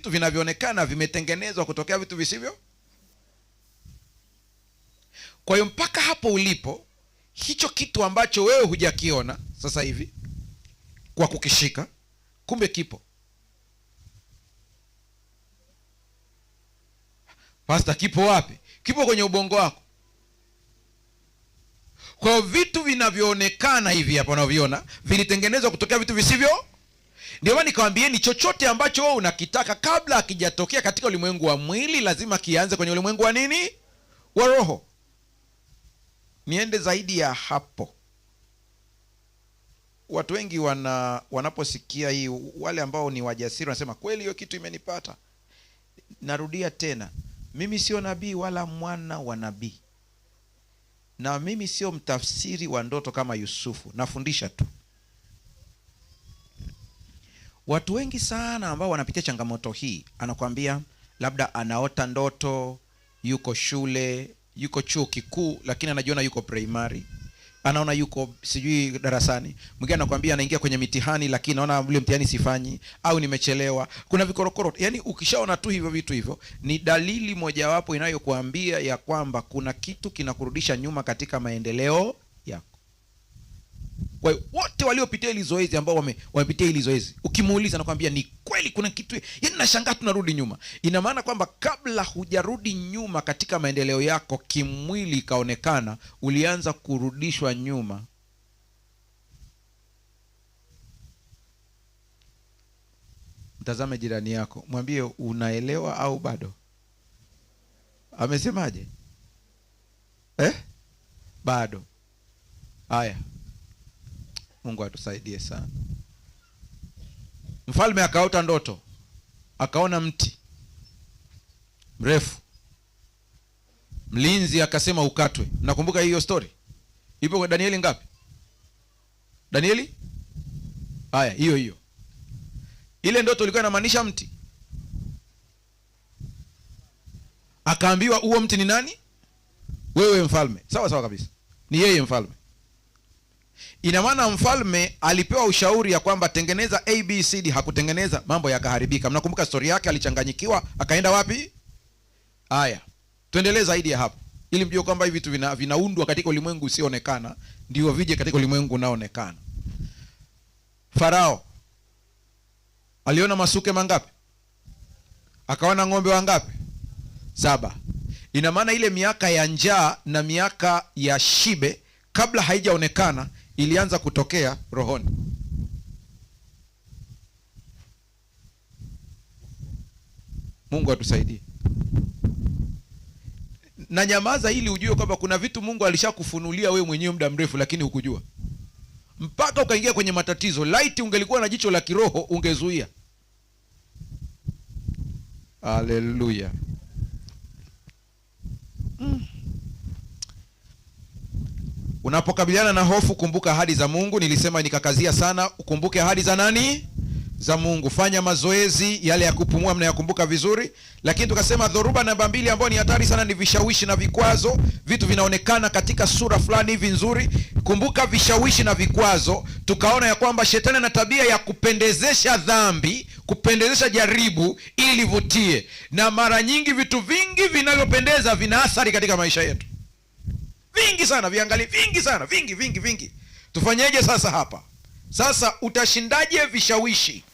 vitu vinavyoonekana vimetengenezwa kutokea vitu visivyo. Kwa hiyo mpaka hapo ulipo, hicho kitu ambacho wewe hujakiona sasa hivi kwa kukishika, kumbe kipo. Pasta, kipo wapi? Kipo kwenye ubongo wako. Kwa vitu vinavyoonekana hivi hapa unavyoona vilitengenezwa kutokea vitu visivyo ndio maana nikawambieni chochote ambacho wewe unakitaka kabla akijatokea katika ulimwengu wa mwili lazima kianze kwenye ulimwengu wa nini wa roho niende zaidi ya hapo watu wengi wana wanaposikia hii wale ambao ni wajasiri wanasema kweli hiyo kitu imenipata narudia tena mimi sio nabii wala mwana wa nabii na mimi sio mtafsiri wa ndoto kama yusufu nafundisha tu Watu wengi sana ambao wanapitia changamoto hii, anakwambia labda anaota ndoto yuko shule, yuko chuo kikuu, lakini anajiona yuko primary, anaona yuko sijui darasani. Mwingine anakwambia anaingia kwenye mitihani, lakini naona ule mtihani sifanyi, au nimechelewa. Kuna vikorokoro. Yani ukishaona tu hivyo vitu hivyo, ni dalili mojawapo inayokuambia ya kwamba kuna kitu kinakurudisha nyuma katika maendeleo kwa hiyo wote waliopitia hili zoezi ambao wamepitia hili zoezi ukimuuliza nakwambia ni kweli kuna kitu yani nashangaa tunarudi nyuma ina maana kwamba kabla hujarudi nyuma katika maendeleo yako kimwili ikaonekana ulianza kurudishwa nyuma mtazame jirani yako mwambie unaelewa au bado amesemaje eh? bado haya Mungu atusaidie sana. Mfalme akaota ndoto, akaona mti mrefu, mlinzi akasema ukatwe. nakumbuka hiyo story, ipo kwa Danieli ngapi? Danieli haya, hiyo hiyo. Ile ndoto ilikuwa inamaanisha mti, akaambiwa huo mti ni nani? Wewe mfalme. Sawa sawa kabisa, ni yeye mfalme Ina maana mfalme alipewa ushauri ya kwamba tengeneza ABCD, hakutengeneza, mambo yakaharibika. Mnakumbuka stori yake, alichanganyikiwa, akaenda wapi? Haya, tuendelee zaidi ya hapo, ili mjue kwamba hivi vitu vina, vinaundwa katika ulimwengu usioonekana ndio vije katika ulimwengu unaoonekana. Farao aliona masuke mangapi? Akaona ng'ombe wangapi? Saba. Ina maana ile miaka ya njaa na miaka ya shibe kabla haijaonekana ilianza kutokea rohoni. Mungu atusaidie na nyamaza, ili ujue kwamba kuna vitu Mungu alishakufunulia wewe mwenyewe muda mrefu, lakini hukujua mpaka ukaingia kwenye matatizo. Laiti ungelikuwa na jicho la kiroho ungezuia. aleluya mm. Unapokabiliana na hofu, kumbuka ahadi za Mungu. Nilisema nikakazia sana, ukumbuke ahadi za nani? Za Mungu. Fanya mazoezi yale ya kupumua, mnayakumbuka vizuri. Lakini tukasema dhoruba namba mbili ambayo ni hatari sana ni vishawishi na vikwazo. Vitu vinaonekana katika sura fulani hivi nzuri. Kumbuka vishawishi na vikwazo. Tukaona ya kwamba shetani ana tabia ya kupendezesha dhambi, kupendezesha jaribu ili livutie, na mara nyingi vitu vingi vinavyopendeza vina athari katika maisha yetu vingi sana, viangali vingi sana, vingi vingi vingi. Tufanyeje sasa hapa? Sasa utashindaje vishawishi?